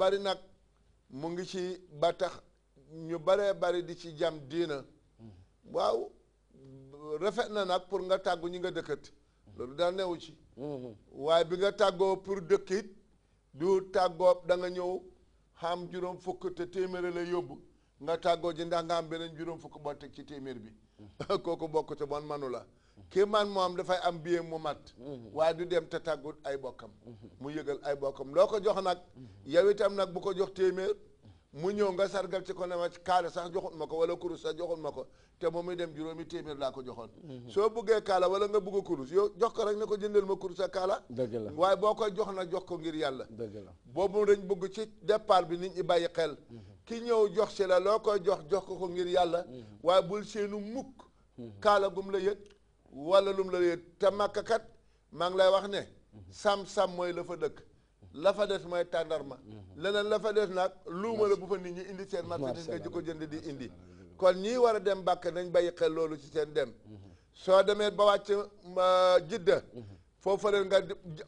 bari nag mu ngi ci ba tax ñu baree bari di ci jam diina waaw rafet na nag pour nga tàggu ñi nga dëkkati loolu daal newu ci mhm. waaye bi nga tàggoo pour dëkkit du tàggoo da nga ñëw xam juróom fukk te téeméer la yóbbu nga tàggoo ji ndax nga am beneen juróom fukk boo teg ci téeméer bi mhm. kooku bokk te bon manu la kii kéemaan moom dafay am billet mu mat mhm. waaye du dem te tàggut ay bokkam mu yëgal ay bokkam loo ko jox nag mhm. yow itam nag bu ko jox téeméer mu ñëw nga sargal ci ko ne ma kaala sax joxut ma ko wala kurus sax joxut ma ko te moom muy dem juróomi téeméer laa ko joxoon mhm. soo bëggee kaala wala nga bëgg kurus yow jox ko rek ne ko jëndal ma kurus ak kaala dëgg la waaye boo koy jox na jox ko ngir yàlla dëgg la boobu dañ bëgg ci départ bi nit ñi bàyyi xel ki ñëw jox si la loo koy jox jox ko ko ngir yàlla waaye bul seenu mukk kaala gum la yëg wala lum la yéeg te Makka kat maa ngi lay wax ne sam-sam mooy la fa dëkk la fa des mooy tàndarma leneen la fa des nag luuma la bu fa nit ñi indi seen marchandise nga ji ko jënd di indi kon ñii war a dem bàkk nañ bàyyi xel loolu ci seen dem soo demee ba wàcc jidda foofu fa leen nga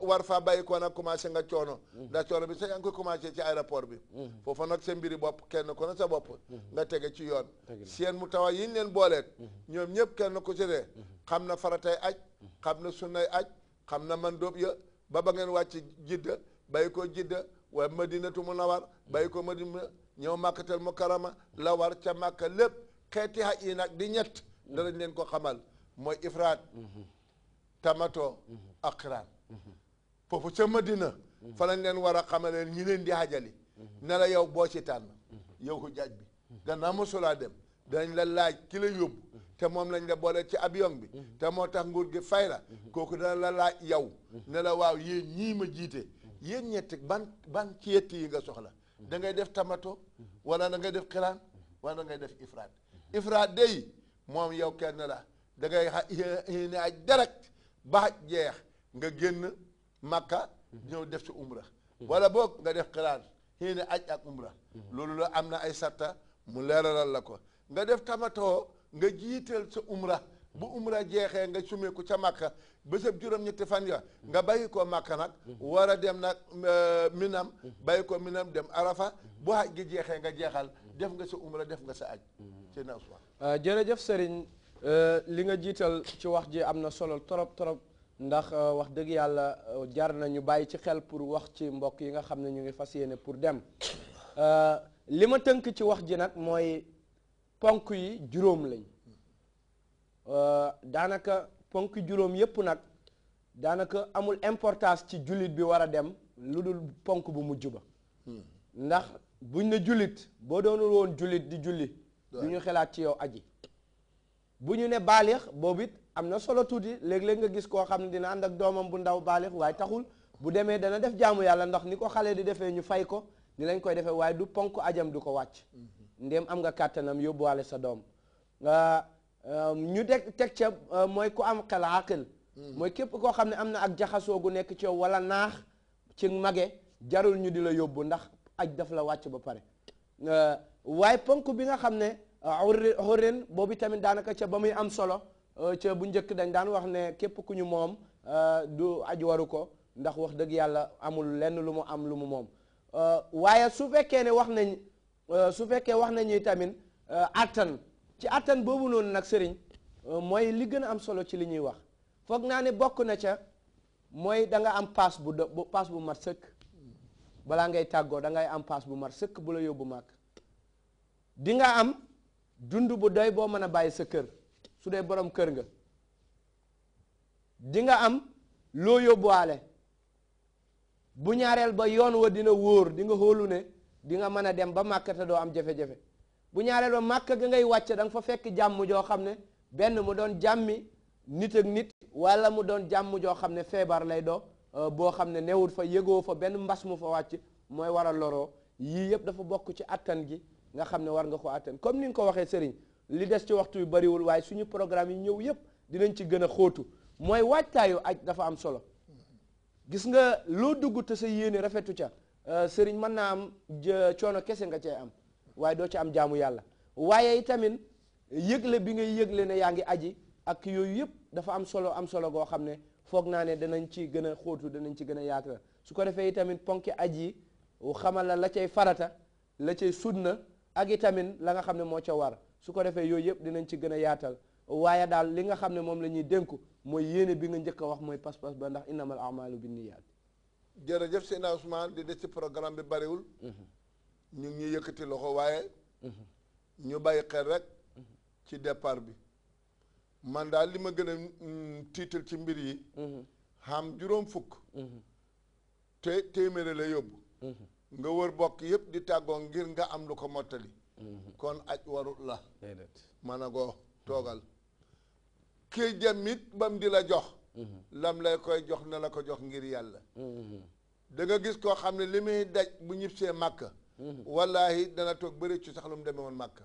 war faa bàyyi koo nag commencé nga coono ndax coono bi sax yaa ngi koy commencé ci aéroport bi foofa nag sa mbiri bopp kenn ko na sa bopp nga tege ci yoon seen mu tawa yiñ leen booleet ñoom ñëpp kenn ko ci dee xam na faratay aj xam na sunnay aj xam na man dóob ya ba ba ngeen wàcc jidda bàyyi ko jidda waaye madinatu munawar bàyyi ko madina ñëw màkkatal mukarama la war ca màkka lépp xeeti aj yi nag di ñett danañ leen ko xamal mooy ifraat tamato akran foofu ca dina fa lañ leen war a xamaleen ñi leen di hajali ne yow boo ci tànn yow ko jaaj bi ma mosulaa dem dañ la laaj ki la yóbbu te moom lañ la booleel ci avion bi te moo tax nguur gi fay la kooku dana la laaj yow ne la waaw yéen ñii ma jiite yéen ñetti ban ban ci yetti yi nga soxla da ngay def tamato wala da ngay def xiraan wala da ngay def ifraat ifraat day moom yow kenn la da ngay eh, eh, eh, ne aj direct ba jeex nga génn makka ñëw def ci umra wala boog nga def xiraan xëy na aj ak umra loolu la am na ay sarta mu leeralal la ko nga def tamatoo nga jiiteel sa umra bu umra jeexee nga sumeeku ca makka bésëb juróom-ñetti fan ya nga bàyyi koo makka nag war a dem nag euh, minam bàyyi ko minam dem arafa bu aj gi jeexee nga jeexal def nga sa umra def nga sa aj ci mm-hmm. na euh, jërëjëf sëriñ Euh, li nga jiital ci wax ji am na solo trop trop ndax euh, wax dëgg yàlla euh, jar na ñu bàyyi ci xel pour wax ci mbokk yi nga xam ne ñu ngi fas yéene pour dem li ma tënk ci wax ji nag mooy ponk yi juróom lañ daanaka ponk juróom yépp nag daanaka amul importance ci jullit bi war a dem lu dul ponk bu mujj ba hmm. ndax buñ ne jullit boo doonul woon jullit di julli du ñu xelaat ci yow aji bu ñu ne baalix boobu it am na solo tuuti léeg-léeg nga gis koo xam ne dina ànd ak doomam bu ndaw baalix waaye taxul bu demee dana def jaamu yàlla ndax ni ko xale di defee ñu fay ko ni lañ koy defee waaye du ponk ajam du ko wàcc mhm. ndéem am nga kàttanam yóbbuwaale sa doom euh, ñu teg teg ca euh, mooy ku am xel mhm. mooy képp koo xam ne am na ak jaxasoo gu nekk ci yow wala naax ci mage jarul ñu di la yóbbu ndax aj daf la wàcc ba pare waaye ponk bi nga xam ne xurrin ah, boobu tamit daanaka ca ba muy am solo ah, ca bu njëkk dañ daan wax ne képp ku ñu moom ah, du aj waru ko ndax wax dëgg yàlla amul lenn lu mu am lu mu moom waaye su fekkee ne wax nañ su fekkee wax nañuy tamit attan ci àttan boobu noonu nag sëriñ mooy li gën a am solo ci li ñuy wax foog naa ne bokk na ca mooy da nga am paas bu do paas bu mat sëkk balaa ngay tàggoo da ngay am paas bu mat sëkk bu la yóbbu màkk di am dund bu doy boo mën a bàyyi sa kër su dee borom kër nga di nga am loo yóbbuwaale bu ñaareel ba yoon wa dina wóor di nga xóolu ne di nga mën a dem ba màkk doo am jafe-jafe bu ñaareel ba màkk ga ngay wàcc da nga fa fekk jàmm joo xam ne benn mu doon jàmmi nit ak nit walla mu doon jàmm joo xam ne feebar lay doo euh, boo xam ne newul fa yëgoo fa benn mbas mu fa wàcc mooy waral loroo yii yëpp dafa bokk ci attan gi nga xam ne war nga ko atteindre comme ni nga ko waxee Serigne li des ci waxtu yu bariwul waaye suñu programme yi ñëw yëpp dinañ ci gën a xóotu mooy waajtaayu aj dafa am solo gis nga loo dugg te sa yéene rafetu ca euh, Serigne mën naa am coono kese nga cee am waaye doo ci am jaamu yàlla waaye tamit yëgle bi ngay yëgle ne yaa ngi aji ak yooyu yëpp dafa am solo am solo goo xam ne foog naa ne danañ ci gën a xóotu danañ ci gën a yaakaar su ko defee itamit ponki aji yi xamal la la cay farata la cay sunna ak tamit la nga xam ne moo ca war su ko defee yooyu yëpp dinañ ci gën a yaatal waaye daal li nga xam ne moom la ñuy dénku mooy yéene bi nga njëkk a wax mooy pas-pas ba ndax innamal amalu bi niyaat jërëjëf seen Ousmane di des ci programme bi bariwul mhm. ñu ngi ñuy yëkkati loxo waaye mhm. ñu bàyyi xel rek ci départ bi man daal li ma gën a mm, tiital ci mbir yi mhm. xam juróom fukk te téeméeri la yóbbu nga wër bokk yëpp di tàggoo ngir nga am lu ko mottali mhm. kon aj warut la man a goo toogal kii jamit bam di la jox mhm. lam lay koy jox na la ko jox ngir yàlla mhm. danga gis koo xam ne li muy daj bu ñib màkk màkka wallaahi dana toog bëri ci sax lu mu demee woon màkka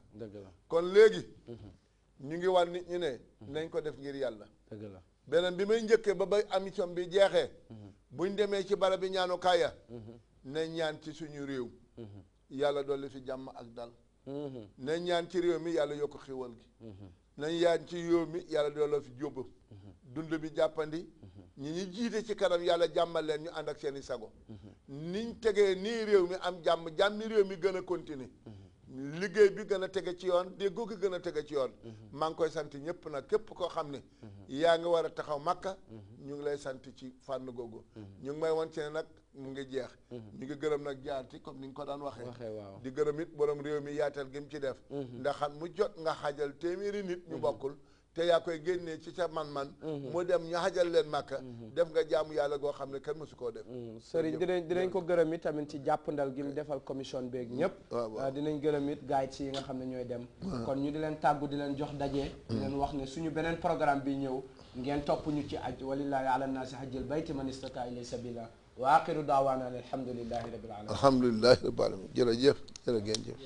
kon léegi ñu ngi wan nit ñu ne nañ ko def ngir yàlla beneen bi may njëkkee ba ba émission bi jeexee buñ demee ci barab bi ñaanu kaaya nañ ñaan ci suñu réew mhm. yàlla dolli fi jàmm ak dal mhm. nañ ñaan ci réew mi yàlla yokk xéwal gi mhm. nañ ñaan ci réew mi yàlla dolli fi jóba dund bi jàppandi ñi ñu jiite ci kanam yàlla jàmmal leen ñu ànd ak seeni sago niñ tegee nii réew mi am jàmm jàmmi réew mi gën a continuer liggéey bi gën a tege ci yoon déggoo gi gën a tege ci yoon maa ngi koy sant ñëpp nag képp koo xam ne yaa ngi war a taxaw màkk ñu ngi lay sant ci fànn googu. Mhm. ñu ngi may wan ci ne nag mu ngi jeex. Mhm. ñu ngi gërëm nag jaarti comme ni nga ko daan waxee. waaw di gërëm it borom réew mi yaatal gi mu ci def. Mhm. ndax xam mu jot nga xajal téeméeri nit ñu bokkul. te yaa koy génnee ci sa man-man. mu dem ñu xajal leen màkka. def nga jaamu yàlla goo xam ne kenn su koo def. sëriñ dinañ dinañ ko gërëm it tamit ci jàppandal gi lu defal commission beeg ñëpp. Ah, dinañ gërëm it gaay ci yi nga xam ne ñooy dem. kon ñu di leen di leen jox daje. di leen wax ne suñu beneen programme bi ñëw. ngeen top ñu ci aj walillahi ala naasi hajjal bayti man istata ila sabila wa aqiru da'wana alhamdulillahi rabbil alamin alhamdulillahi rabbil alamin jërëjëf jërë gen jëf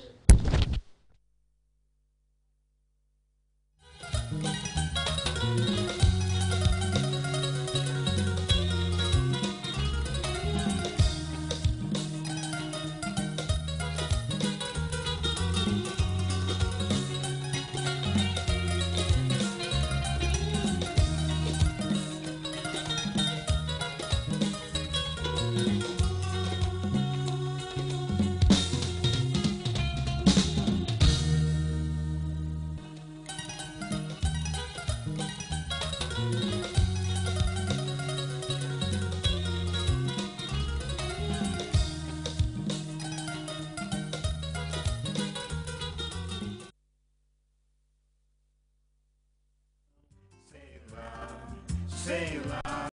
Same.